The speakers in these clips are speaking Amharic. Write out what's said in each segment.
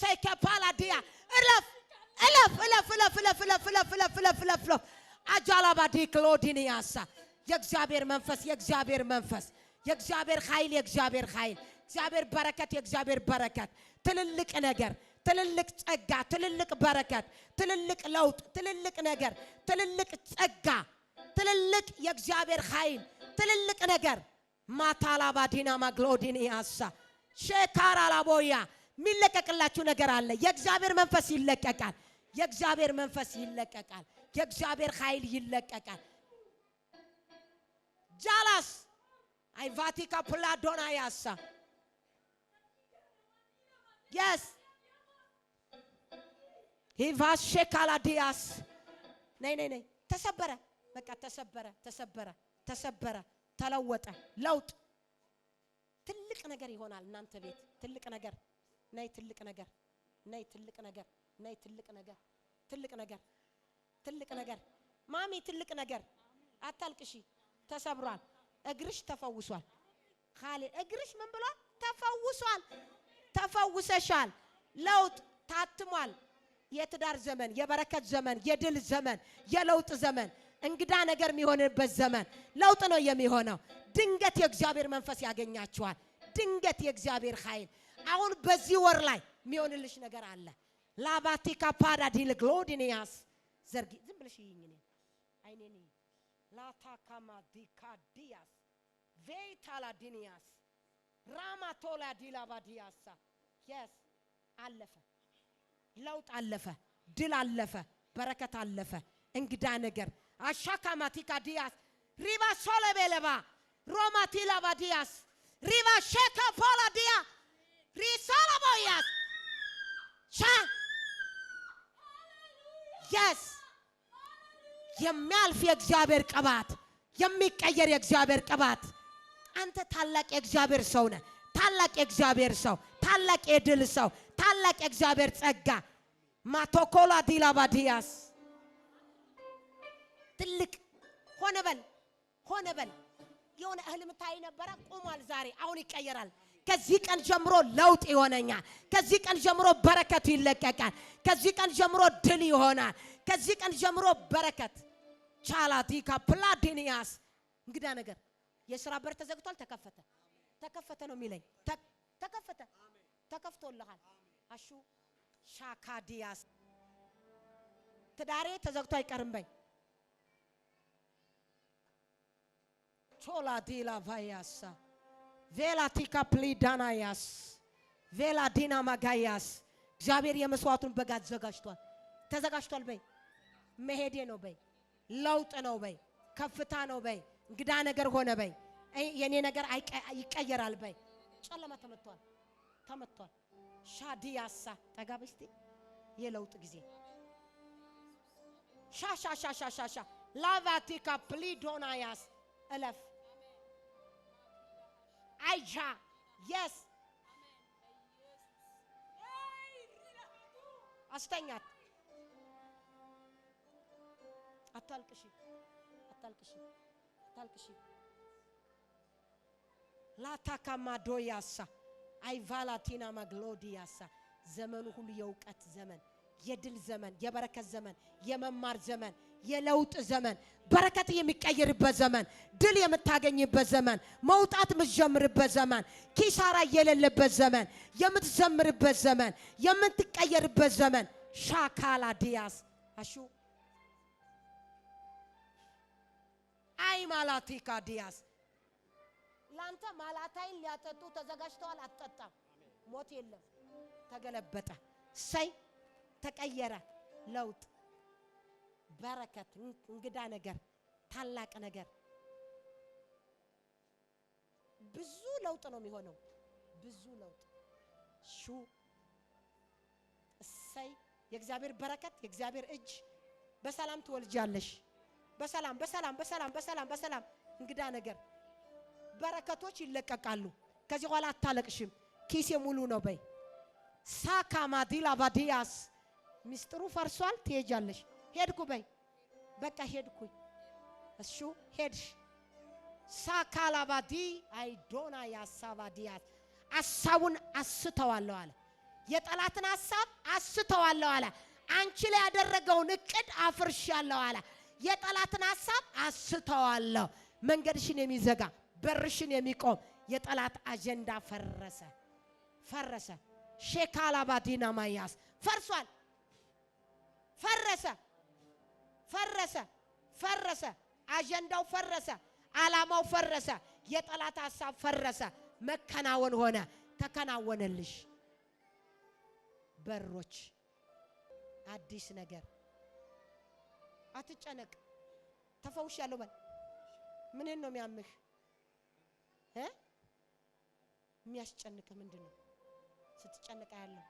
ሸከ ፓላዲያ እለፍ እለፍ እለፍ እለፍ እለፍ እለፍ እለፍ እለፍ እለፍ እለፍ እለፍ አጃላባዲ ክሎዲን ያሳ የእግዚአብሔር መንፈስ የእግዚአብሔር መንፈስ የእግዚአብሔር ኃይል የእግዚአብሔር ኃይል እግዚአብሔር በረከት የእግዚአብሔር በረከት ትልልቅ ነገር ትልልቅ ጸጋ ትልልቅ በረከት ትልልቅ ለውጥ ትልልቅ ነገር ትልልቅ ጸጋ ትልልቅ የእግዚአብሔር ኃይል ትልልቅ ነገር ማታላባዲና ማግሎዲን ያሳ ሼካራላቦያ የሚለቀቅላችሁ ነገር አለ። የእግዚአብሔር መንፈስ ይለቀቃል። የእግዚአብሔር መንፈስ ይለቀቃል። የእግዚአብሔር ኃይል ይለቀቃል። ጃላስ አይቫቲካ ፕላዶና ያሳ የስ ሂቫሼ ካላዲያስ ነይ ነይ ነይ። ተሰበረ በቃ ተሰበረ፣ ተሰበረ፣ ተሰበረ፣ ተለወጠ። ለውጥ ትልቅ ነገር ይሆናል። እናንተ ቤት ትልቅ ነገር ናይ ትልቅ ነገር ናይ ትልቅ ነገር ናይ ትልቅ ነገር ትልቅ ነገር ትልቅ ነገር ማሚ ትልቅ ነገር አታልቅሺ። ተሰብሯል። እግርሽ ተፈውሷል። ካሌ እግርሽ ምን ብሏል? ተፈውሷል። ተፈውሰሻል። ለውጥ ታትሟል። የትዳር ዘመን፣ የበረከት ዘመን፣ የድል ዘመን፣ የለውጥ ዘመን፣ እንግዳ ነገር የሚሆንበት ዘመን ለውጥ ነው የሚሆነው። ድንገት የእግዚአብሔር መንፈስ ያገኛችኋል። ድንገት የእግዚአብሔር ኃይል አሁን በዚህ ወር ላይ የሚሆንልሽ ነገር አለ። ላባቲካ ፓዳ ግሎዲኒያስ ዘርጊ ዝም ብለሽ ይኝ አይኔን ላታካማ ዲካዲያስ ዲኒያስ ራማቶላ ዲላባ ዲላባዲያሳ የስ አለፈ። ለውጥ አለፈ። ድል አለፈ። በረከት አለፈ። እንግዳ ነገር አሻካማቲካ ዲያስ ሪባ ሶለቤለባ ሮማቲላባ ዲያስ ሪባ ሸካ ፖላ ዲያ Risala Boyas. ሻህ የስ የሚያልፍ የእግዚአብሔር ቅባት የሚቀየር የእግዚአብሔር ቅባት። አንተ ታላቅ የእግዚአብሔር ሰው ነህ። ታላቅ የእግዚአብሔር ሰው፣ ታላቅ የድል ሰው፣ ታላቅ የእግዚአብሔር ጸጋ ማቶኮላ ዲላባዲያስ ትልቅ ሆነ በል ሆነ በል የሆነ እህል ምታይ ነበረ ቁሟል። ዛሬ አሁን ይቀየራል። ከዚህ ቀን ጀምሮ ለውጥ ይሆነኛል። ከዚህ ቀን ጀምሮ በረከቱ ይለቀቃል። ከዚህ ቀን ጀምሮ ድል ይሆናል። ከዚህ ቀን ጀምሮ በረከት ቻላቲካ ፕላዲኒያስ እንግዳ ነገር የስራ በር ተዘግቷል፣ ተከፈተ። ተከፈተ ነው የሚለኝ። ተከፈተ፣ ተከፍቶልሃል። አሹ ሻካዲያስ ትዳሬ ተዘግቶ አይቀርም በይ። ቾላ ዲላ ቫያሳ ቬላቲካ ፕሊዳናያስ ቬላ ዲና ማጋያስ እግዚአብሔር የመስዋዕቱን በግ አዘጋጅቷል። ተዘጋጅቷል በይ መሄዴ ነው በይ ለውጥ ነው በይ ከፍታ ነው በይ እንግዳ ነገር ሆነ በይ የኔ ነገር ይቀየራል በይ ጨለማ ተመቷል፣ ተመቷል። ሻዲያሳ ጠጋ በይ የለውጥ ጊዜ ሻሻሻሻሻሻ ላቫቲካ ፕሊዶናያስ እለፍ Aisha. Yes. አስተኛት። አታልቅሺ፣ አታልቅሺ፣ አታልቅሺ። ላታካማዶ ያሳ አይቫላቲና ማግሎዲ ዘመኑ ሁሉ የእውቀት ዘመን የድል ዘመን፣ የበረከት ዘመን፣ የመማር ዘመን፣ የለውጥ ዘመን፣ በረከት የሚቀየርበት ዘመን፣ ድል የምታገኝበት ዘመን፣ መውጣት የምትጀምርበት ዘመን፣ ኪሳራ የሌለበት ዘመን፣ የምትዘምርበት ዘመን፣ የምትቀየርበት ዘመን ሻካላ ዲያስ አሹ አይ ማላቲካ ዲያስ ለአንተ ማላታይን ሊያጠጡ ተዘጋጅተዋል። አትጠጣም። ሞት የለም። ተገለበጠ ሰይ ተቀየረ። ለውጥ፣ በረከት፣ እንግዳ ነገር፣ ታላቅ ነገር፣ ብዙ ለውጥ ነው የሚሆነው። ብዙ ለውጥ ሹ እሰይ የእግዚአብሔር በረከት የእግዚአብሔር እጅ በሰላም ትወልጃለሽ። በሰላም በሰላም በሰላም በሰላም በሰላም እንግዳ ነገር በረከቶች ይለቀቃሉ። ከዚህ በኋላ አታለቅሽም። ኪሴ ሙሉ ነው በይ ሳካማዲላ ባዲያስ ሚስጥሩ ፈርሷል። ትሄጃለሽ። ሄድኩ በይ በቃ ሄድኩኝ። እሱ ሄድሽ። ሳካላባዲ አይዶና የአሳባዲያት አሳቡን አስተዋለሁ አለ። የጠላትን ሐሳብ አስተዋለሁ አለ። አንቺ ላይ ያደረገውን እቅድ አፍርሻለሁ አለ። የጠላትን ሀሳብ አስተዋለሁ። መንገድሽን የሚዘጋ በርሽን የሚቆም የጠላት አጀንዳ ፈረሰ፣ ፈረሰ። ሼካላባዲና ማያስ ፈርሷል። ፈረሰ፣ ፈረሰ፣ ፈረሰ። አጀንዳው ፈረሰ፣ አላማው ፈረሰ፣ የጠላት ሀሳብ ፈረሰ። መከናወን ሆነ፣ ተከናወነልሽ። በሮች አዲስ ነገር አትጨነቅ። ተፈውሻለሁ በል። ምንን ነው የሚያምህ? የሚያስጨንቅህ ምንድን ነው? ስትጨንቅ ያለው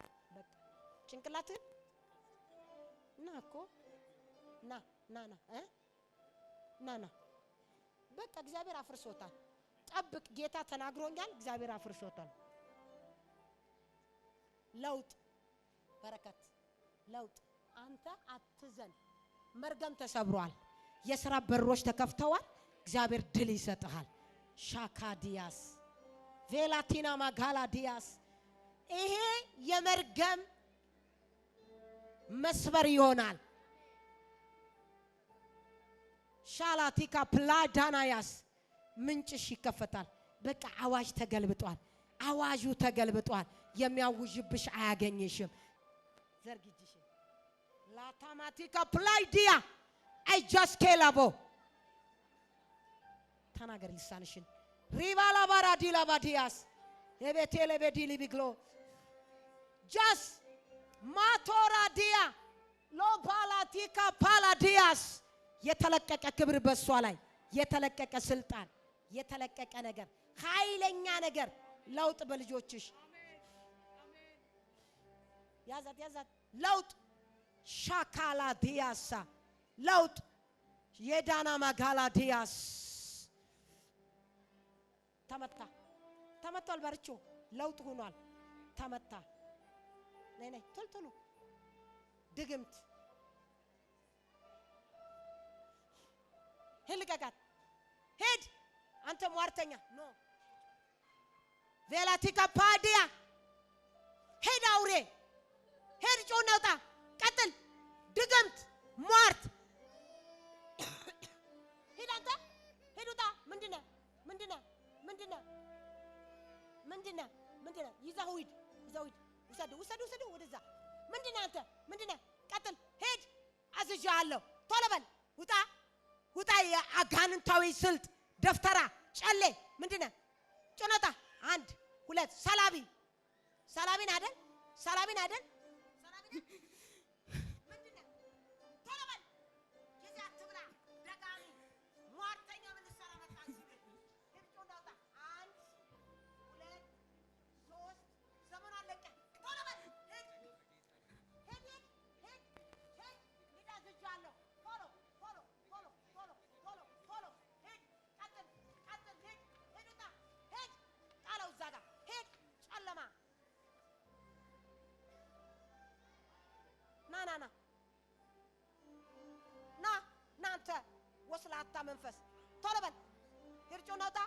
በቃ ጭንቅላትህን ና እኮ ና ና ና ና ና በቃ እግዚአብሔር አፍርሶታል። ጠብቅ ጌታ ተናግሮኛል። እግዚአብሔር አፍርሶታል። ለውጥ በረከት ለውጥ አንተ አትዘን። መርገም ተሰብሯል። የስራ በሮች ተከፍተዋል። እግዚአብሔር ድል ይሰጥሃል። ሻካ ዲያስ ቬላቲና ማጋላ ዲያስ ይሄ የመርገም መስበር ይሆናል። ሻላቲካ ፕላዳናያስ ምንጭሽ ይከፈታል። በቃ አዋጅ ተገልብጧል። አዋጁ ተገልብጧል። የሚያውዥብሽ አያገኝሽም። ዘርግጅሽ ላታማቲካ ፕላይዲያ አይጃስኬላቦ ተናገር ልሳንሽን ለቤዲ ሊቢግሎ ጃስ ማቶራዲያ ሎፓላቲካ ፓላዲያስ የተለቀቀ ክብር በሷ ላይ የተለቀቀ ስልጣን የተለቀቀ ነገር ኃይለኛ ነገር ለውጥ በልጆችሽ ያዛት ያዛት ለውጥ ሻካላ ዲያሳ ለውጥ የዳና ማጋላ ዲያስ ተመታ ተመቷል። በርቾ ለውጥ ሆኗል። ተመታ ናይ ናይ ቶሎ ቶሎ ድግምት ህልቀቃት ሂድ አንተ ሟርተኛ ኖ ቬላቲካ ፓዲያ ሄድ አውሬ ሄድ ጮና ቀጥል ድግምት ሟርት ሂድ አንተ ሂድ ውጣ ምንድነ ምንድነ ምንድነ ምንድነ ምንድነ ይዛው ሂድ ይዛው ሂድ ውሰዱ፣ ውሰዱ፣ ውሰዱ ወደዛ። ምንድን አንተ ምንድን ቀጥል፣ ሄድ አዝዣለሁ። ቶሎ በል ውጣ፣ ውጣ። የአጋንንታዊ ስልት ደፍተራ፣ ጨሌ፣ ምንድን ጭኖታ። አንድ ሁለት፣ ሰላቢ፣ ሰላቢን አደል፣ ሰላቢን አደል፣ ሰላቢን የቆስላታ መንፈስ ቶሎ በል ሂርጩን አውጣ።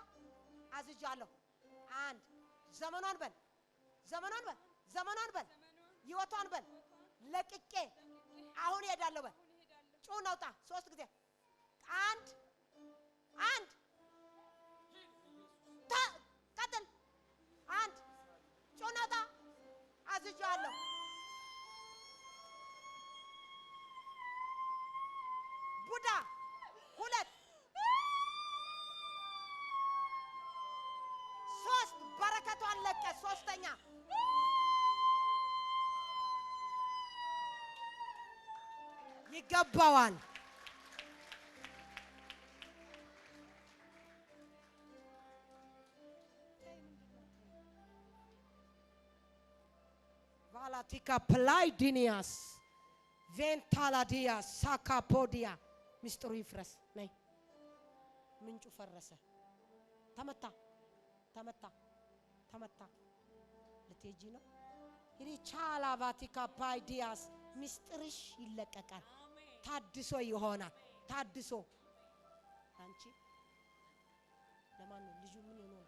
አዝጃለሁ። አንድ ዘመኗን በል ዘመኗን በል ዘመኗን በል ህይወቷን በል ለቅቄ አሁን እሄዳለሁ በል። ጩን አውጣ ሶስት ጊዜ አንድ አንድ ቀጥል አንድ ጩን አውጣ አዝጃለሁ ይገባዋል። ቫላቲካ ፕላይዲኒያስ ቬንታላዲያ ሳካፖዲያ ሚስጥሩ ይፍረስ። ነይ ምንጩ ፈረሰ። ተመታ ተመታ ተመታ። ልትሄጂ ነው? ሪቻላ ቫቲካ ፓይዲያስ ምስጢርሽ ይለቀቃል። ታድሶ ይሆናል። ታድሶ አንቺ ለማን ነው ልጁ? ምን ይሆን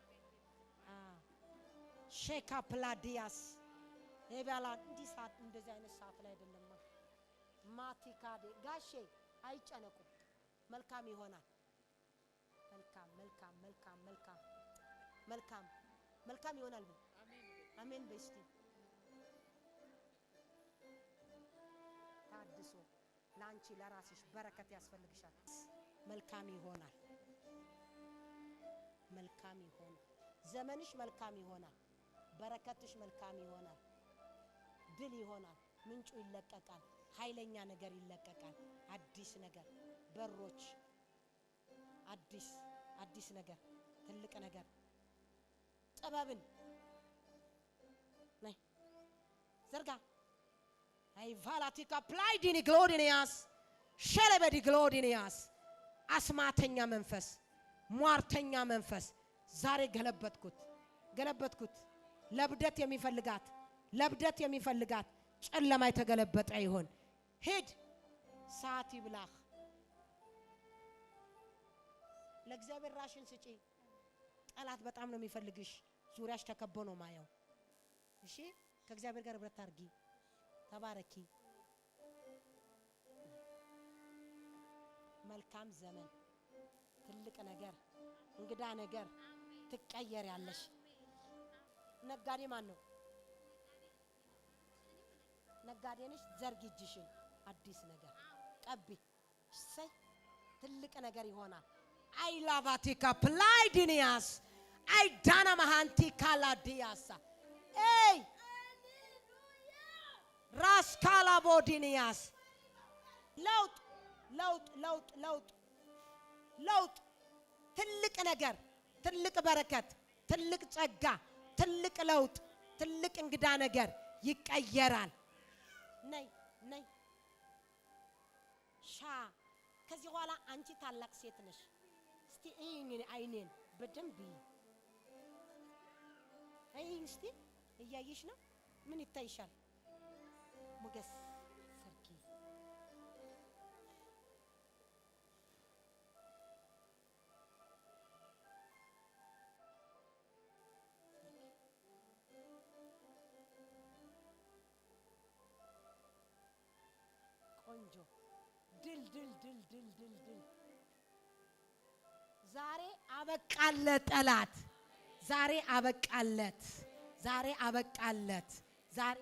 ሼካ ፕላዲያስ ሄባላ እንዲህ ሰዓት እንደዚህ አይነት ሰዓት ላይ አይደለም። ማቲካዴ ጋሼ አይጨነቁ፣ መልካም ይሆናል። መልካም መልካም መልካም መልካም መልካም መልካም ይሆናል። አሜን አሜን። በስቲ ለአንቺ ለራስሽ በረከት ያስፈልግሻል። መልካም ይሆናል። መልካም ይሆናል። ዘመንሽ መልካም ይሆናል። በረከትሽ መልካም ይሆናል። ድል ይሆናል። ምንጩ ይለቀቃል። ኃይለኛ ነገር ይለቀቃል። አዲስ ነገር በሮች አዲስ አዲስ ነገር ትልቅ ነገር ጥበብን ነይ ዘርጋ ግሎዲንያስ ሸለበዲ ግሎዲንያስ አስማተኛ መንፈስ፣ ሟርተኛ መንፈስ ዛሬ ገለበጥኩት፣ ገለበጥኩት። ለብደት የሚፈልጋት ለብደት የሚፈልጋት ጨለማ የተገለበጠ ይሆን። ሂድ ሰዓት ይብላህ። ለእግዚአብሔር ራሽን ስጪ። ጠላት በጣም ነው የሚፈልግሽ። ዙሪያሽ ተከቦ ነው ማየው። እሺ ከእግዚአብሔር ጋር ህብረት አድርጊ። ተባረኪ። መልካም ዘመን፣ ትልቅ ነገር፣ እንግዳ ነገር ትቀየር ያለሽ ነጋዴ ማን ነው? ነጋዴ ነሽ። ዘርግጅሽን አዲስ ነገር ቀቢ። እሰይ ትልቅ ነገር ይሆናል። አይላቫቲካ ፕላይዲኒያስ አይዳና መሃንቲ ካላዲያሳ ራስ ለውጥ ለውጥ ለውጥ ለውጥ ለውጥ ትልቅ ነገር፣ ትልቅ በረከት፣ ትልቅ ጸጋ፣ ትልቅ ለውጥ፣ ትልቅ እንግዳ ነገር ይቀየራል። ነይ ነይ ሻ ከዚህ በኋላ አንቺ ታላቅ ሴት ነሽ። እስቲ እይኝ አይኔን በደንብ እይኝ እስቲ። እያየሽ ነው። ምን ይታይሻል? ሞገስ ሰርጌ ቆንጆ ድል ድል ድል ድል ድል ድል ዛሬ አበቃለት ጠላት ዛሬ አበቃለት ዛሬ አበቃለት ዛሬ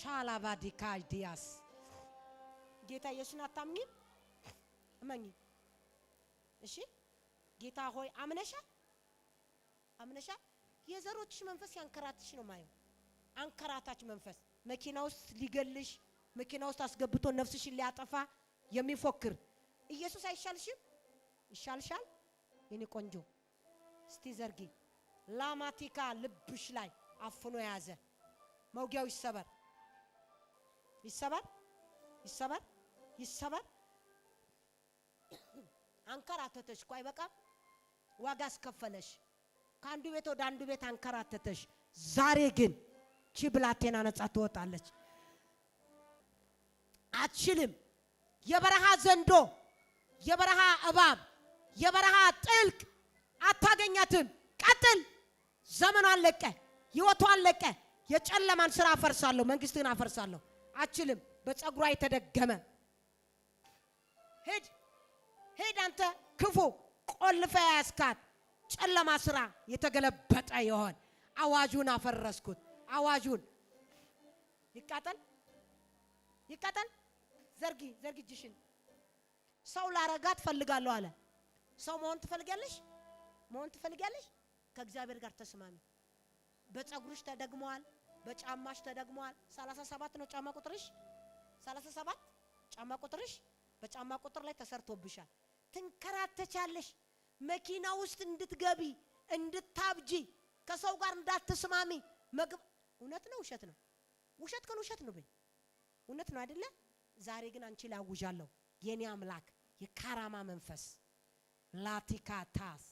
ቻላቫዲካ ዲያስ ጌታ ኢየሱስን አታምኚም? እመኚ። እሺ ጌታ ሆይ አምነሻል፣ አምነሻል። የዘሮችሽ መንፈስ ያንከራትሽ ነው ማየው። አንከራታች መንፈስ መኪና ውስጥ ሊገልሽ፣ መኪና ውስጥ አስገብቶ ነፍስሽን ሊያጠፋ የሚፎክር ኢየሱስ አይሻልሽም? ይሻልሻል። የኔ ቆንጆ እስቲ ዘርጊ። ላማቲካ ልብሽ ላይ አፍኖ የያዘ መውጊያው ይሰበር። ይሰበር ይሰበር ይሰበር። አንከራተተሽ እኮ አይበቃም፣ ዋጋ አስከፈለሽ። ከአንዱ ቤት ወደ አንዱ ቤት አንከራተተሽ። ዛሬ ግን ቺ ብላቴና ነጻ ትወጣለች። አትችልም። የበረሃ ዘንዶ፣ የበረሃ እባብ፣ የበረሃ ጥልቅ አታገኛትም። ቀጥል። ዘመኗን ለቀ፣ ህይወቷን ለቀ። የጨለማን ስራ አፈርሳለሁ፣ መንግስትን አፈርሳለሁ። አችልም። በፀጉሯ የተደገመ ሄድ ሄድ አንተ ክፉ ቆልፈ ያስካት ጨለማ ስራ የተገለበጠ ይሆን። አዋጁን አፈረስኩት። አዋጁን ይቃጠል ይቃጠል። ዘርጊ ዘርጊ እጅሽን። ሰው ላረጋ ትፈልጋለሁ አለ። ሰው መሆን ትፈልጊያለሽ? መሆን ትፈልጊያለሽ? ከእግዚአብሔር ጋር ተስማሚ። በፀጉርሽ ተደግመዋል። በጫማሽ ተደግሟል። 37 ነው ጫማ ቁጥርሽ፣ 37 ጫማ ቁጥርሽ በጫማ ቁጥር ላይ ተሰርቶብሻል። ትንከራተቻለሽ። መኪና ውስጥ እንድትገቢ እንድታብጂ፣ ከሰው ጋር እንዳትስማሚ መግብ እውነት ነው ውሸት ነው? ውሸት ግን ውሸት ነው በይ። እውነት ነው አይደለ? ዛሬ ግን አንቺ ላውጃለሁ የኔ አምላክ የካራማ መንፈስ ላቲካታስ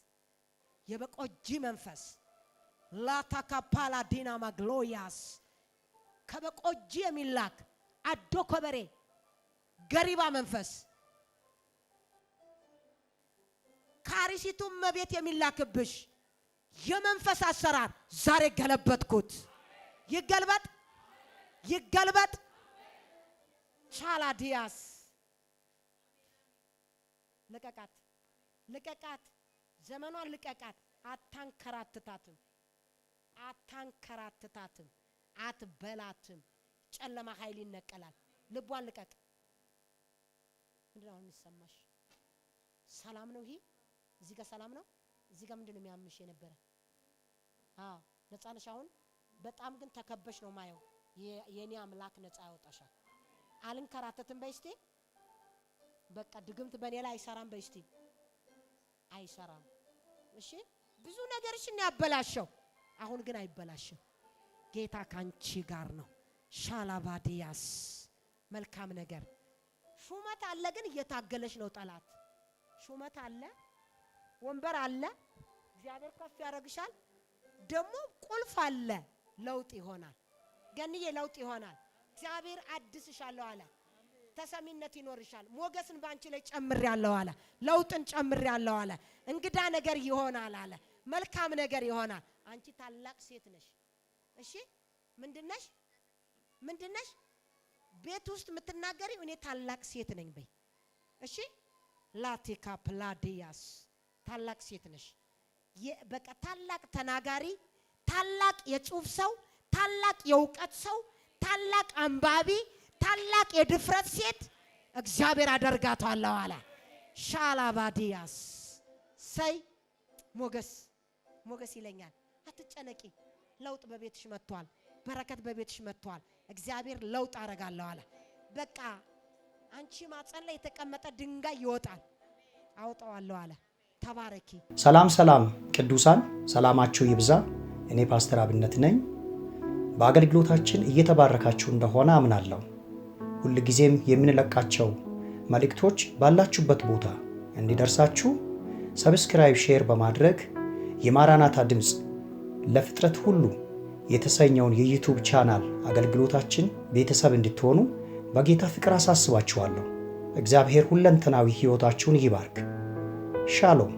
የበቆጂ መንፈስ ላታካፓላ ዲና ማግሎያስ ከበቆጂ የሚላክ አዶ ከበሬ ገሪባ መንፈስ ካሪሲቱ መቤት የሚላክብሽ የመንፈስ አሰራር ዛሬ ገለበጥኩት። ይገልበጥ ይገልበጥ። ቻላዲያስ ልቀቃት፣ ልቀቃት፣ ዘመኗን ልቀቃት። አታንከራትታትም። አታንከራትታትም፣ አትበላትም። ጨለማ ኃይል ይነቀላል። ልቧን ልቀቅ። ምንድን ነው የሚሰማሽ ሰላም ነው? ይሄ እዚህ ጋር ሰላም ነው? እዚህ ጋር ምንድን ነው የሚያምሽ የነበረ? አዎ ነጻ ነሽ አሁን። በጣም ግን ተከበሽ ነው ማየው። የኔ አምላክ ነጻ ያወጣሻል። አልንከራተትም በይ እስቲ። በቃ ድግምት በኔ ላይ አይሰራም በይ እስቲ። አይሰራም። እሺ ብዙ ነገርሽ ነው ያበላሸው። አሁን ግን አይበላሽም። ጌታ ካንቺ ጋር ነው። ሻላባዲያስ መልካም ነገር ሹመት አለ፣ ግን እየታገለች ነው ጠላት። ሹመት አለ፣ ወንበር አለ፣ እግዚአብሔር ከፍ ያደርግሻል። ደግሞ ቁልፍ አለ። ለውጥ ይሆናል። ገንዬ ለውጥ ይሆናል። እግዚአብሔር አድስሻለሁ አለ። ተሰሚነት ይኖርሻል። ሞገስን በአንቺ ላይ ጨምሬያለሁ አለ። ለውጥን ጨምሬያለሁ አለ። እንግዳ ነገር ይሆናል አለ። መልካም ነገር ይሆናል። አንቺ ታላቅ ሴት ነሽ። እሺ ምንድነሽ? ምንድነሽ? ቤት ውስጥ የምትናገሪ እኔ ታላቅ ሴት ነኝ በይ። እሺ ላቲካ ፕላዲያስ ታላቅ ሴት ነሽ። በቃ ታላቅ ተናጋሪ፣ ታላቅ የጽሁፍ ሰው፣ ታላቅ የእውቀት ሰው፣ ታላቅ አንባቢ፣ ታላቅ የድፍረት ሴት እግዚአብሔር አደርጋታለሁ አለ። ሻላባዲያስ ሰይ ሞገስ ሞገስ ይለኛል። አትጨነቂ። ለውጥ በቤትሽ መጥቷል። በረከት በቤትሽ መጥቷል። እግዚአብሔር ለውጥ አረጋለሁ አለ። በቃ አንቺ ማጸን ላይ የተቀመጠ ድንጋይ ይወጣል። አውጣዋለሁ አለ። ተባረኪ። ሰላም ሰላም፣ ቅዱሳን ሰላማችሁ ይብዛ። እኔ ፓስተር አብነት ነኝ። በአገልግሎታችን እየተባረካችሁ እንደሆነ አምናለሁ። ሁልጊዜም የምንለቃቸው መልእክቶች ባላችሁበት ቦታ እንዲደርሳችሁ ሰብስክራይብ፣ ሼር በማድረግ የማራናታ ድምፅ ለፍጥረት ሁሉ የተሰኘውን የዩቱብ ቻናል አገልግሎታችን ቤተሰብ እንድትሆኑ በጌታ ፍቅር አሳስባችኋለሁ። እግዚአብሔር ሁለንተናዊ ሕይወታችሁን ይባርክ። ሻሎም